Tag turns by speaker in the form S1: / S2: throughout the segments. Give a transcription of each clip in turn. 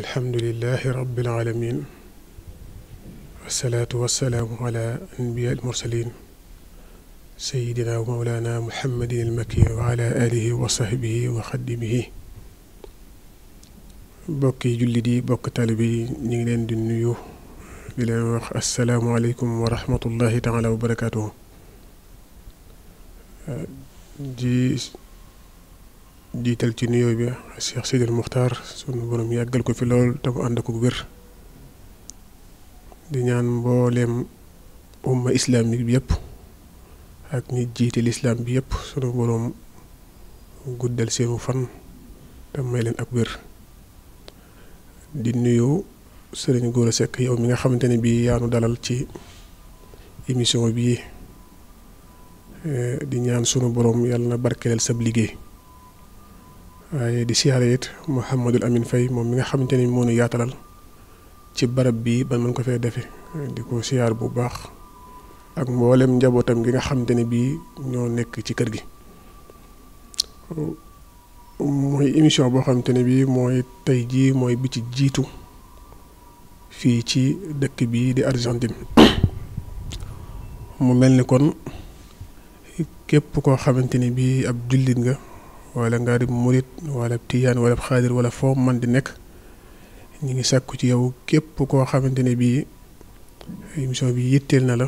S1: alhamdulilahi rabbil alamin wasalaatu wasalaamu ala anbiya almursalin sayidina wa mawlana muhammadin almakin wa ala alihi wa sahbihi wa xadimihi bokki jullit yi bokk taalibe yi ñu ngi leen di nuyu di leen wax asalaamualeykum wa rahmatullahi taala wa barakatuhu di jiital ci nuyoo bi Cheikh Sidil Muxtaar sunu borom yàggal ko fi lool te mu ànd ko wér di ñaan mbooleem umma islamique bi yëpp ak ñi jiite lislaam bi yëpp sunu borom guddal seenu fan te may leen ak wér di nuyu Serigne Gora Seck yow mi nga xamante ne bii yaanu dalal ci émission bii eh, di ñaan sunu borom yàlla na barkeleel sab liggéey. waaye di siyaare it Mouhamadul Amin Faye moom mi nga xamante ni moo nu yaatalal ci barab bii ba mën ko fee defe di ko siyaar bu baax ak mboolem njabootam gi nga xamante ni bii ñoo nekk ci kër gi mooy émission boo xamante ne bii mooy tey jii mooy bi ci jiitu fii ci dëkk bii di Argentine mu mel ni kon képp koo xamante ni bii ab jullit nga wala nga di murit wala tiyaan wala xaadir wala foo man di nekk ñu ngi sàkku ci yow képp koo xamante ne bii émission bi yitteel na la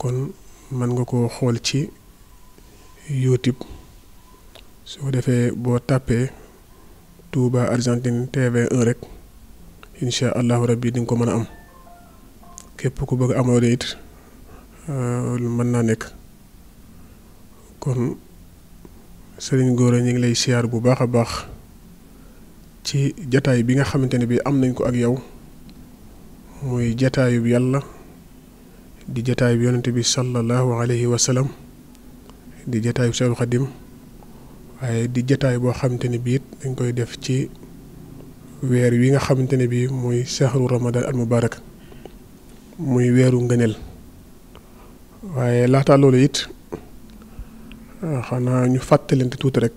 S1: kon mën nga koo xool ci YouTube su ko defee boo tàppee Touba Argentine TV 1 rek incha allahu rabbi di ko mën a am képp ku bëgg amoo it euh, mën naa nekk kon. sëriñ Gora ñu ngi lay siyaar bu baax a baax ci jataay bi nga xamante ne bii am nañ ko ak yow muy jataayub yàlla di jataay bi yonent bi sallallahu alayhi wa sallam di jataayub Seexul Xadim waaye di jataay boo xamante ne bii it dañ koy def ci weer wi nga xamante ne bii muy sahru ramadan al mubarak muy weeru ngëneel waaye laata loolu it. Euh, xanaa ñu fàttalante tuuti rek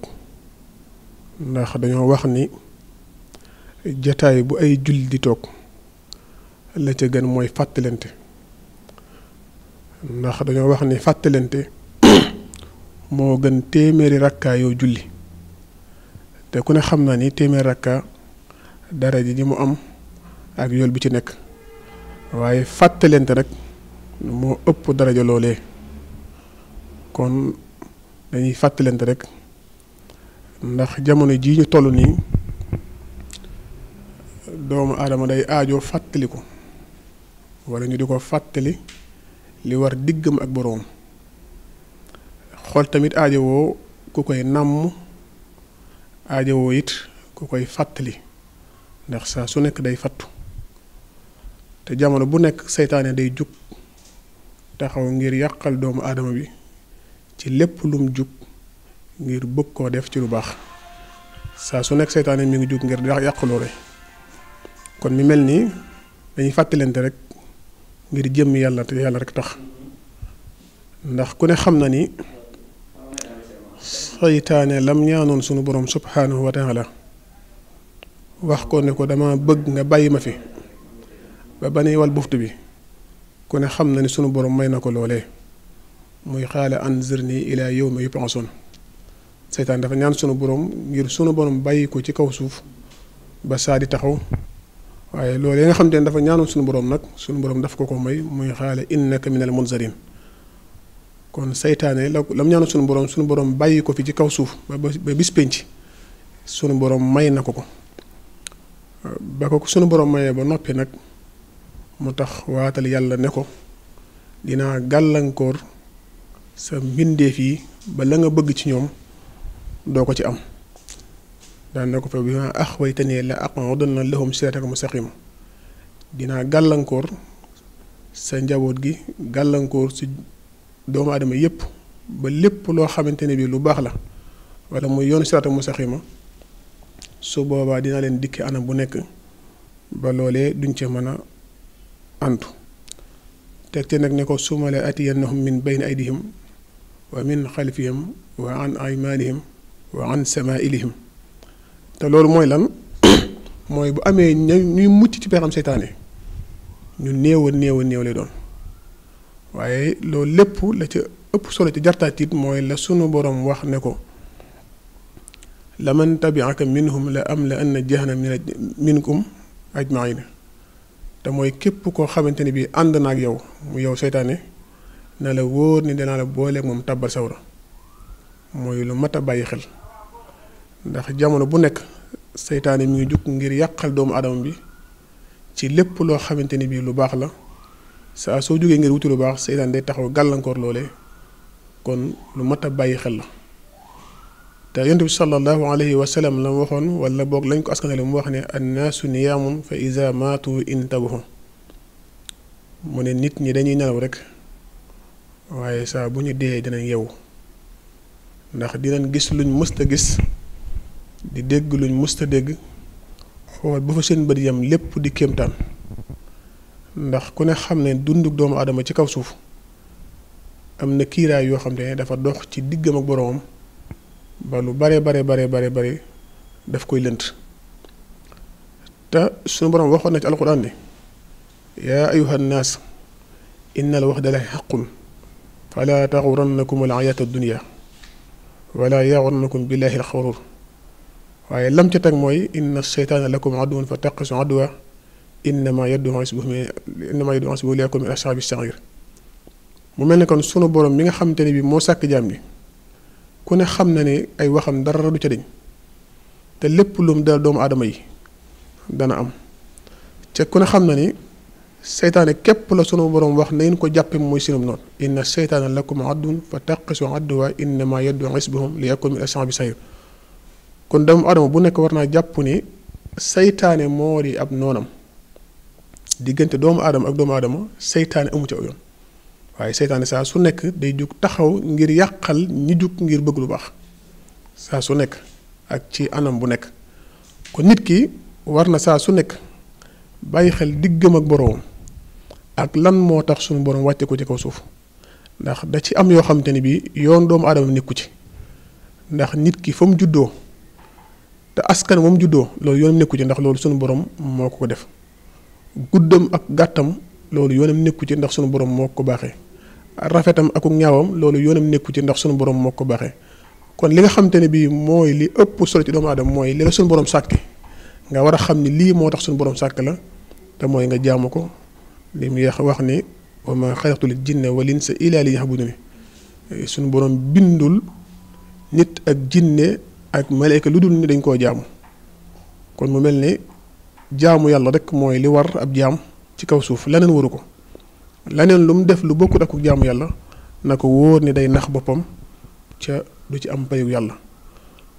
S1: ndax dañoo wax ni jataay bu ay jullit di toog la ca gën mooy fàttalante ndax dañoo wax ni fàttalante moo gën téeméeri rakkaa yow julli te ku ne xam naa ni téeméeri rakkaa dara ji ni mu am ak yool bi ci nekk waaye fàttalante rek moo ëpp daraja loolee kon dañuy fàttalante rek ndax jamono jii ñu toll nii doomu aadama day aajoo ko walla ñu di ko fàttali li war diggam ak boroom xool tamit aajowoo ku koy nàmm aajowoo it ku koy fàttali ndax saa su nekk day fattu te jamono bu nekk seytaane day jug taxaw ngir yàqal doomu aadama bi ci lépp lum jug ngir bëgg koo def ci lu baax saa su nekk seytaane mu ngi jug ngir dax yàq loole kon mi mel nii dañuy fàttalante rek ngir jëmm yàlla te yàlla rek tax ndax ku ne xam na ni seytaane lam ñaanoon sunu borom subhanahu wa la wax ko ne ko dama bëgg nga bàyyi ma fi ba ba nuy wal buftu bi ku ne xam na ni sunu borom may na ko loole muy xaala anzirni ila yawmi yub'asun seytaan dafa ñaan sunu borom ngir sunu borom bàyyi ko ci kaw suuf ba saa taxaw waaye loolu yi nga xam te ne dafa ñaan sunu boroom nag sunu borom daf ko ko may muy xaala innaka minal munzarin kon seytaane la la mu ñaanoon sunu borom sunu borom bàyyi ko ci kaw suuf ba ba bis penc sunu boroom may na ko ko ba ko sunu borom mayee ba noppi nag mu tax waatal yàlla ne ko dinaa gàllankoor. sa mbindeef yi ba nga bëgg ci ñoom doo ko ci am daan na ko fa bi ma axwaytanii la aq'udanna lahum siraataka mustaqim dinaa gàllankoor sa njaboot gi gàllankoor si doomu aadama yépp ba lépp loo xamante ni bii lu baax la wala muy yoonu siraata mustaqima su boobaa dina leen dikki anam bu nekk ba loolee duñ ca mën a antu teg te nag ne ko sumala atiyannahum min ay aydihim wa min xalfihim wa an aymanihim wa an samailihim te loolu mooy lan mooy bu amee ñuy mucc ci pexam seytaane ñu néew a néew a néew doon waaye loolu lépp la ca ëpp solo ci jartaatit mooy la sunu borom wax ne ko la man tabiaka minhum la am la anna jahannam minkum ajmaina te mooy képp koo xamante ne bii ànd na ak yow mu yow seytaane na la wóor ni dinaa la booleeg moom tàbbal sawra mooy lu mat a bàyyi xel ndax jamono bu nekk seytaane mu ngi jug ngir yàqal doomu aadama bi ci lépp loo xamante ni bii lu baax la saa soo jógee ngir wuti lu baax seytaane day taxaw gàllankoor loole kon lu mat a bàyyi xel la te yonent bi sallallahu alayhi wa sallam la waxoon walla boog lañ ko askanale mu wax ne annaasu niyaamun fa iza maatu intabahu mu ne nit ñi dañuy nelaw rek waaye saa bu ñu dee dinañ yeewu ndax dinañ gis luñ mësta gis di dégg luñ mësta dégg xool ba fa seen bët yam lépp di kéemtaan ndax ku ne xam ne dunduk doomu aadama ci kaw suuf am na kiiraay yoo xam ne dafa dox ci diggam ak boroomam ba lu bare bare bare bare daf koy lënt te suñu boroom waxoon na ci alxuraan ni yaa ayuha nnaas inna al waxda laahi fala taxurannakum alayaatu dunia wala yaxurannakum billaahi alxaruur waaye lam ca teg mooy inna seytaana lakum aduwwun fa taxisu aduwa innama yaddu xisbu innama yaddu xisbu liyakum mu mel ne kon sunu borom mi nga xamante ne bii moo sàkk jaam ni xam na ne ay waxam dara du ca deñ te lépp lum dal doomu aadama yi dana am ca ku ne xam na ni seytaane képp la sunu borom wax na ngeen ko jàppe mooy sinum noonu inna seytaana lakum addun fa taqisu adduwa innama yaddu isbahum li yakun min ashabi sayr kon doomu adama bu nekk war naa jàpp ni seytaane moo ab noonam diggante doomu aadama ak doomu aadama seytaane amu ci yoon waaye seytaane saa su nekk day jug taxaw ngir yàqal ñi jug ngir bëgg lu baax saa su nekk ak ci anam bu nekk kon nit ki war na saa su nekk bàyyi xel diggam ak boroomam ak lan moo tax suñu borom wàcce ko ci kaw suuf ndax da ci am yoo xamante ni bii yoon doomu aadama nekku ci ndax nit ki fa mu juddoo te askan moom juddoo loolu yoonam nekku ci ndax loolu sunu borom moo ko ko def guddam ak gàttam loolu yoonam nekku ci ndax sunu borom moo ko baaxee rafetam ak ñaawam loolu yoonam nekku ci ndax sunu borom moo ko baaxee kon li nga xamante ne bii mooy li ëpp solo ci doomu aadama mooy li la sunu borom sàkke nga war a xam ni lii moo tax sunu boroom sàkk la te mooy nga jaamu ko. li mu wax ni wa ma xalaqtul jinna wal insa illa liya'buduni suñu borom bindul nit ak jinne ak malayka lu dul ni dañ koo jaamu kon mu mel ni jaamu yàlla rek mooy li war ab jaam ci kaw suuf leneen waru ko leneen lu def lu bokkut ak jaamu yàlla na ko wóor ni day nax boppam ca du ci am payu yàlla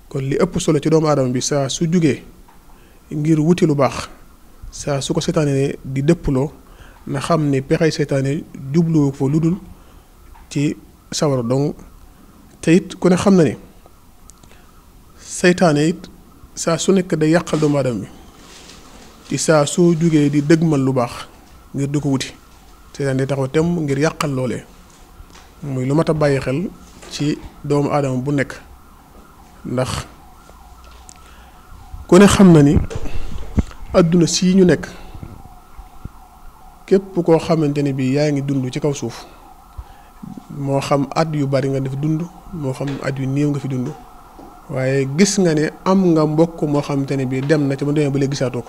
S1: kon li ëpp solo ci doomu aadama bi saa su jugee ngir wuti lu baax saa su ko seetaanee di dëpploo na xam ni pexey seytaane jubluwu ko fa lu dul ci sawara dong te it ku ne xam na ni seytaane it saa su nekk day yàqal doomu aadama bi ci saa soo jógee di dëgmal lu baax ngir di ko wuti seytaane day taxaw temm ngir yàqal loolee muy lu mat a bàyyi xel ci doomu aadama bu nekk ndax ku ne xam na ni àdduna sii ñu nekk képp koo xamante ne bii yaa ngi dund ci kaw suuf moo xam at yu bari nga def dund moo xam at yu néew nga fi dund waaye gis nga ne am nga mbokk moo xamante ne bii dem na ci ma demee ba léegi ko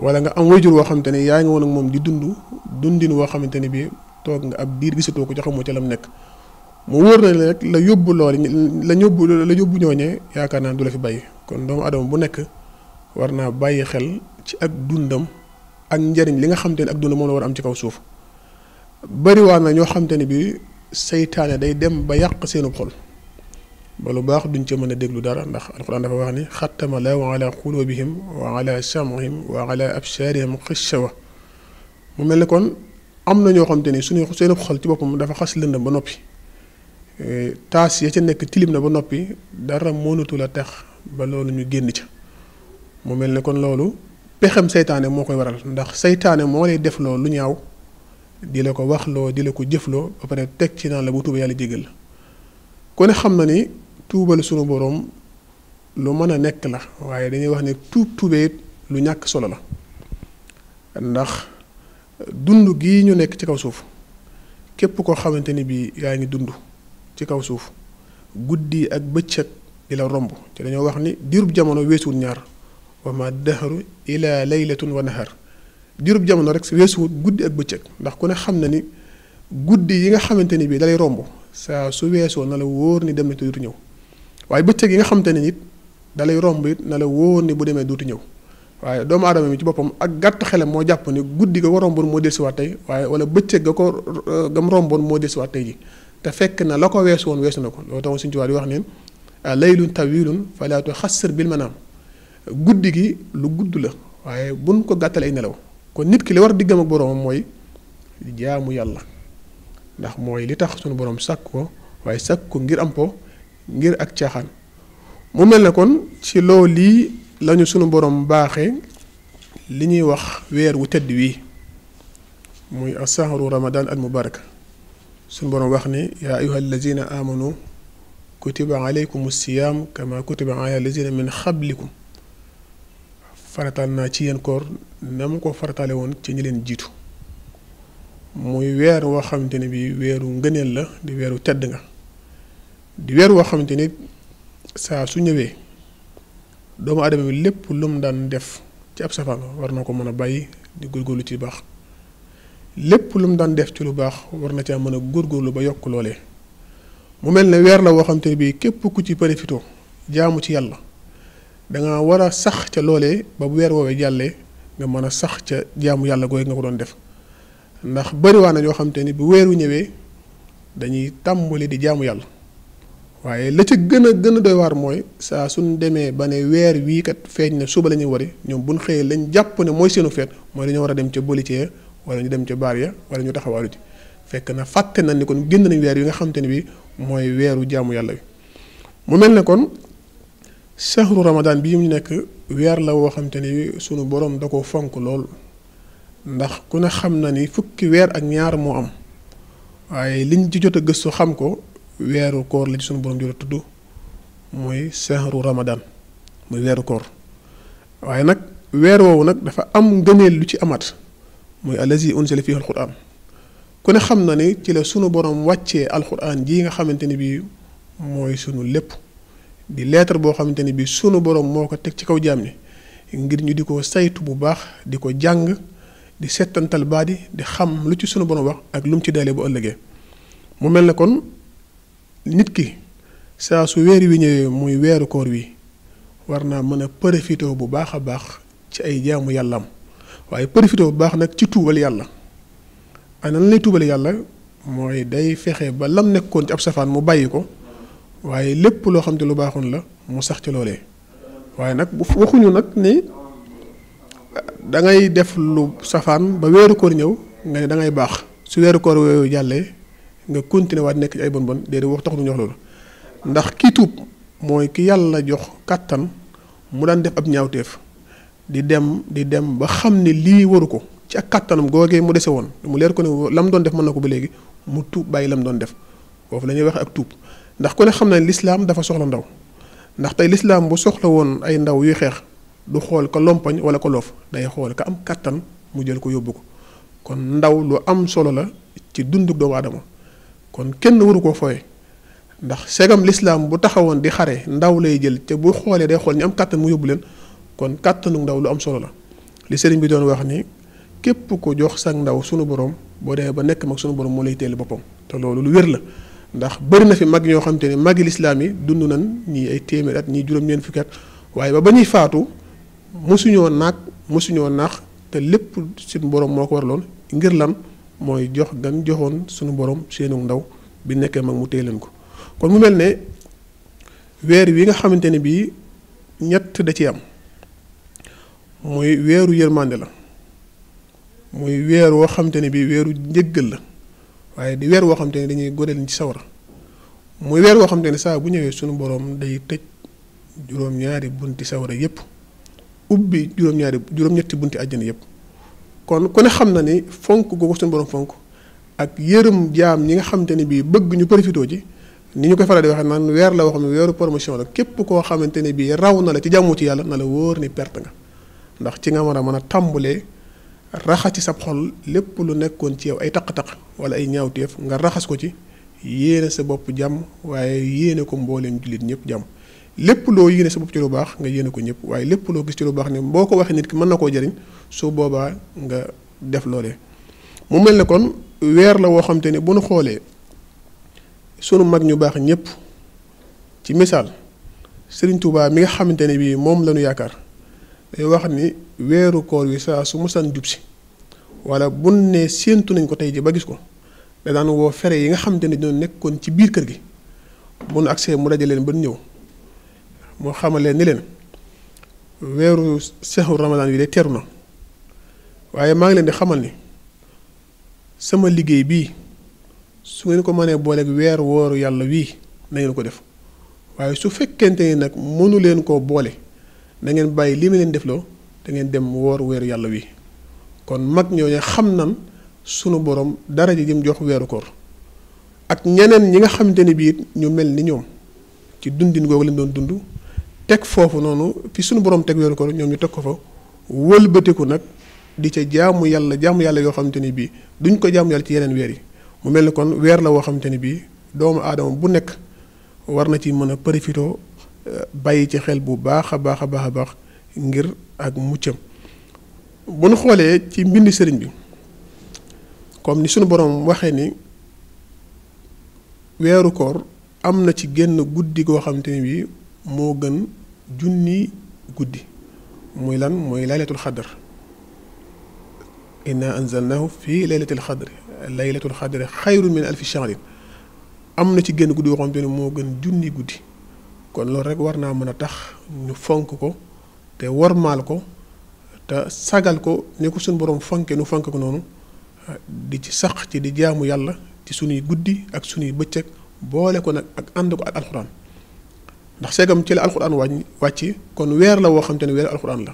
S1: wala nga am wayjur woo xamante ne yaa ngi woon ak moom di dund dundin woo xamante ne bii toog nga ab diir gisatoo ko ci xamoo ci lam nekk mu wóor na rek la yóbbu lool la yóbbu la yóbbu ñooñee yaakaar naa du la fi bàyyi kon doomu adama bu nekk war naa bàyyi xel ci ak dundam. ak njëriñ li nga xamante ne ak dund moom la war a am ci kaw suuf bariwaan na ñoo xamante ne bi seytaane day dem ba yàq seenub xol ba lu baax duñ ca mën a déglu dara ndax alquran dafa wax ni xattama la wa ala qulubihim wa ala sam'ihim wa ala absarihim xishawa mu mel ni kon am na ñoo xamante ni suñu seenub xol ci boppam dafa xas lëndam ba noppi e, taas ya ca nekk tilim na ba noppi dara mënatu la tax ba loolu ñu génn ca mu mel ni kon loolu pexem seytaane moo koy waral ndax seytaane moo lay loo lu ñaaw di la ko waxloo di la ko jëfloo ba pare teg ci naan la bu tuuba yàlla jégal la ku ne xam na ni tuubal sunu boroom lu mën a nekk la waaye dañuy wax ne tuub tuubee lu ñàkk solo la ndax dund gii ñu nekk ci kaw suuf képp koo xamante ni bii yaa ngi dund ci kaw suuf guddi ak bëccëg di la romb te dañoo wax ni diirub jamono weesuwul ñaar wa ma dahru ila laylatun wa xar jurub jamono rek weesuwut guddi ak bëccëg ndax ku ne xam na ni guddi yi nga xamante ni bii dalay romb saa su weesoo na la wóor ni dem na ñëw waaye bëccëg yi nga xamante ne nit dalay romb it na la wóor ni bu demee duutu ñëw waaye doomu aadama mi ci boppam ak gàtt xelam moo jàpp ni guddi ga ko romboon moo dellusiwaat tey waaye wala bëccëg ga ko gam romboon moo dellusiwaat tey ji te fekk na la ko weesu woon weesu na ko loolu tax suñu ci waa di wax neen laylun tawilun xas tuxassir bil manaam guddi gi lu gudd la waaye buñ ko gàttal ay nelaw kon nit ki li war a diggam ak boroomam mooy jaamu yàlla ndax mooy li tax sunu boroom sàkk ko waaye sàkk ko ngir am ko ngir ak caaxaan mu mel ne kon ci loo lii lañu sunu borom baaxe li ñuy wax weer wu tedd wii muy asahru ramadan al mubarak sunu borom wax ni yaa ayuha allazina amanu kutiba alaykum alsiyam kama kutiba ala allazina min xablikum farataal naa ci yéen koor na ma ko farataale woon ci ñi leen jiitu muy weer woo xamante ne bi weeru ngëneel la di weeru tedd nga di weer woo xamante ni saa su ñëwee doomu adama bi lépp lu daan def ci ab safaan war na ko mën a bàyyi di góorgóorlu ci baax lépp lu mu daan def ci lu baax war na caa mën a góorgóorlu ba yokk loolee mu mel ne weer la woo xamante ne bii képp ku ci profitoo jaamu ci yàlla da nga war a sax ca loole ba weer woowee jàllee nga mën a sax ca jaamu yàlla gooy nga ko doon def ndax bariwaa na ñoo xam ni bu weer wu ñëwee dañuy tàmbali di jaamu yàlla waaye la ca gën a gën a doy waar mooy saa suñ demee ba ne weer wii kat feeñ na suba la ñuy wari ñoom buñ xëyee lañ jàpp ne mooy seenu feet mooy dañoo war a dem ca boolitier wala ñu dem ca baar ya wala ñu taxawaalu ci fekk na fàtte nañ ni kon génn nañ weer yi nga xam ne bi mooy weeru jaamu yàlla bi sahru ramadan bii mu nekk weer la woo xamante ni sunu borom da ko fonk lool ndax ku ne xam na ni fukki weer ak ñaar moo am waaye liñ ci jot a gëstu xam ko weeru koor la ci sunu borom jot a tudd mooy sahru ramadan mooy weeru koor waaye nag weer woowu nag dafa am ngëneel lu ci amaat mooy allazi unzila fiihi alquran ku ne xam na ni ci la sunu borom wàccee alquran jii nga xamante ni bii mooy sunu lépp. di lettre boo xamante ne bi sunu borom moo ko teg ci kaw jaam ñi ngir ñu di ko saytu bu baax di ko jàng di settantal baa di di xam lu ci sunu borom wax ak lu mu ci dalee bu ëllëgee mu mel ne kon nit ki saa su weer wi ñëwee muy weeru koor wi war naa mën a profité bu baax a baax ci ay jaamu yàllaam waaye profité bu baax nag ci tuubal yàlla ana lan lay tuubal yàlla mooy day fexe ba lam nekkoon ci ab safaan mu bàyyi ko waaye lépp loo xam te lu baaxoon la mu sax ci loolee waaye nag bu waxuñu nag ni dangay ngay def lu safaan ba weeru koor ñëw nga ne da baax su weeru koor yooyu jàllee nga continuer waat nekk ci ay bon bon déedéet wax tax ñu jox loolu ndax ki mooy ki yàlla jox kàttan mu daan def ab ñaawteef di dem di dem ba xam ne lii waru ko ci ak kàttanam googee mu dese woon mu leer ko ne lam doon def mën na ko ba léegi mu tuub bàyyi lam doon def foofu la ñuy wax ak tuub ndax ku ne xam na lislaam dafa soxla ndaw ndax tey lislaam bu soxla woon ay ndaw yuy xeex du xool ko lompoñ wala ko loof day xool ka am kàttan mu jël ko yóbbu ko kon ndaw lu am solo la ci dundu doomu aadama kon kenn waru koo fooye ndax segam lislaam bu taxawoon di xare ndaw lay jël te bu xoolee day xool ñu am kàttan mu yóbbu leen kon kàttanu ndaw lu am solo la li sëriñ bi doon wax ni képp ko jox sag ndaw sunu borom boo demee ba nekk mag sunu borom moo lay teel boppam te loolu lu wér la ndax bari na fi mag ñoo xam te ne magi lislaam yi dund nañ ñii ay téeméer at ñii juróom-ñeent fukki at waaye ba ba ñuy faatu mosuñoo nag mosuñoo nax te lépp suñu borom moo ko waraloon ngir lan mooy jox gan joxoon suñu borom seenu ndaw bi nekkee mag mu téye leen ko kon mu mel ne weer wi nga xamante ne bii ñett da ci am muy weeru yërmande la muy weer woo xamante ne bii weeru njëggal la. waaye di weer woo xam te ne dañuy góoreel ci sawara muy weer woo xam te ne saa bu ñëwee suñu borom day tëj juróom-ñaari bunti sawara yépp ubbi juróom-ñaari juróom-ñetti bunti àjjana yépp kon ku ne xam na ni fonk googu sunu borom fonk ak yërëm jaam ñi nga xamante ne bii bëgg ñu profité ji ni ñu koy faral di waxee naan weer la waxam ne weeru promotion la képp koo xamante ne bii raw na la ci jàmmu ci yàlla na la wóor ni perte nga ndax ci nga war a mën a tàmbalee. ci sab xol lépp lu nekkoon ci yow ay taq-taq wala ay ñaawteef nga raxas ko ci yéene sa bopp jàmm waaye yéene ko mbooleem jullit ñëpp jàmm lépp loo yéene sa bopp ci lu baax nga yéene ko ñëpp waaye lépp loo gis ci lu baax ne boo ko waxee nit ki mën na koo jariñ su boobaa nga def loole mu mel ne kon weer la woo xam ne bu nu xoolee sunu mag ñu baax ñëpp ci misaal Serigne Touba mi nga xamante ni bii moom lañu yaakaar day wax ni. weeru koor wi saa su mosaan jub si wala bun ne séentu nañ ko tey ji ba gis ko da daan woo fere yi nga xamante ne ñoo nekkoon ci biir kër gi bu nu agsee mu daje leen ba ñëw moo xamaleen ni leen weeru sexu ramadaan wi de teeru na waaye maa ngi leen di xamal ni sama liggéey bii su ngeen ko mënee booleeg weer wooru yàlla wii na ko def waaye su fekkente ni nag mënu leen koo boole na ngeen bàyyi lii ma leen defloo te ngeen dem woor weeru yàlla wi kon mag ñooñu xam nan sunu borom dara ji jëm jox weeru koor ak ñeneen ñi nga xamante ni bii ñu mel ni ñoom ci dundin googu lañ doon dund teg foofu noonu fi sunu borom teg weeru koor ñoom ñu teg ko fa wëlbatiku nag di ca jaamu yàlla jaamu yàlla yoo xamante ni bii duñ ko jaamu yàlla ci yeneen weer yi mu mel ni kon weer la woo xamante ni bii doomu aadama bu nekk war na ci mën a profitoo bàyyi ci xel bu baax a baax a baax a baax ak muccam bu nu xoolee ci mbind sëriñ bi comme ni sunu boroom waxee ni weeru koor am na ci génn guddi koo xam te bii moo gën junni guddi muy lan mooy laylatul xadar inna anzalnahu fi laylatil xadri laylatul xadri xayrun min alfi shahrin am na ci génn guddi goo xam moo gën junni guddi kon loolu rek war naa mën a tax ñu fonk ko te wormaal ko te sagal ko ni ko suñu borom fonke nu fonke ko noonu ah, di ci sax ci di jaamu yàlla ci suñuy guddi ak suñuy bëccëg boole ko nag ak ànd ko ak alxuraan ndax segam ci la alxuraan wàññi wàcc kon weer la woo xam te ne weer alxuraan la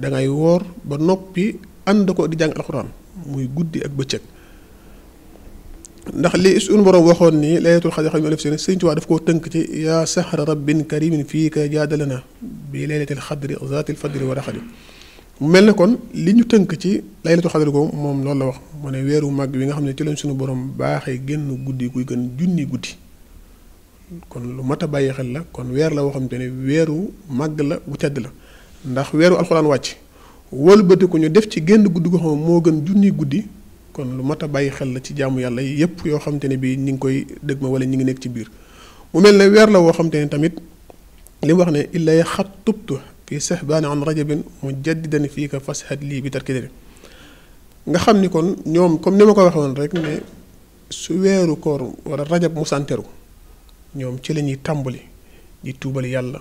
S1: da ngay woor ba noppi ànd ko di jàng alxuraan muy guddi ak bëccëg. ndax li suñu borom waxoon nii laylatul xadr xam alif seen sëñ waa daf koo tënk ci yaa sahra rabbin karimin fii ka jaadalana bi laylatil xadri zaatil fadri wa raxadi mu mel ne kon li ñu tënk ci laylatul xadr ko moom loolu la wax mu ne weeru màgg wi nga xam ne ci lañ suñu borom baaxee génn guddi kuy gën junni guddi kon lu mat a bàyyi xel la kon weer la woo xam ne weeru màgg la bu tedd la ndax weeru alxuraan wàcc wëlbatiku ñu def ci génn guddi goo xam moo gën junni guddi kon lu mat a bàyyi xel la ci jaamu yàlla yëpp yoo xam te ne bii ñi ngi koy dëg ma wala ñu ngi nekk ci biir mu mel ne weer la woo xam ne tamit li mu wax ne illay xat tubtu fii sehbaani an rajabin mu jaddidan fii ka fashat lii bi tarkidani nga xam ni kon ñoom comme ni ma ko waxee woon rek ne su weeru koor wala rajab mu santeru ñoom ci la ñuy tàmbali di tuubal yàlla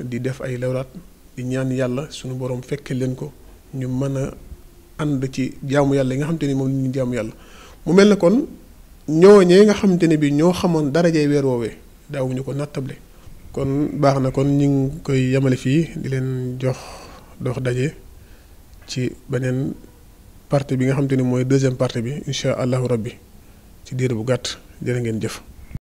S1: di def ay lawraat di ñaan yàlla suñu borom fekkee leen ko ñu mën ànd ci jaamu yàlla yi nga xamante ni moom la ñu jaamu yàlla mu mel ne kon ñooñee nga xamante ne bi ñoo xamoon darajey weer woowee daawuñu ko nattable kon baax na kon ñu ngi koy yemale fii di leen jox dox daje ci beneen partie bi nga xamante ni mooy deuxième partie bi incha allahu rabbi ci diir bu gàtt jërë ngeen jëf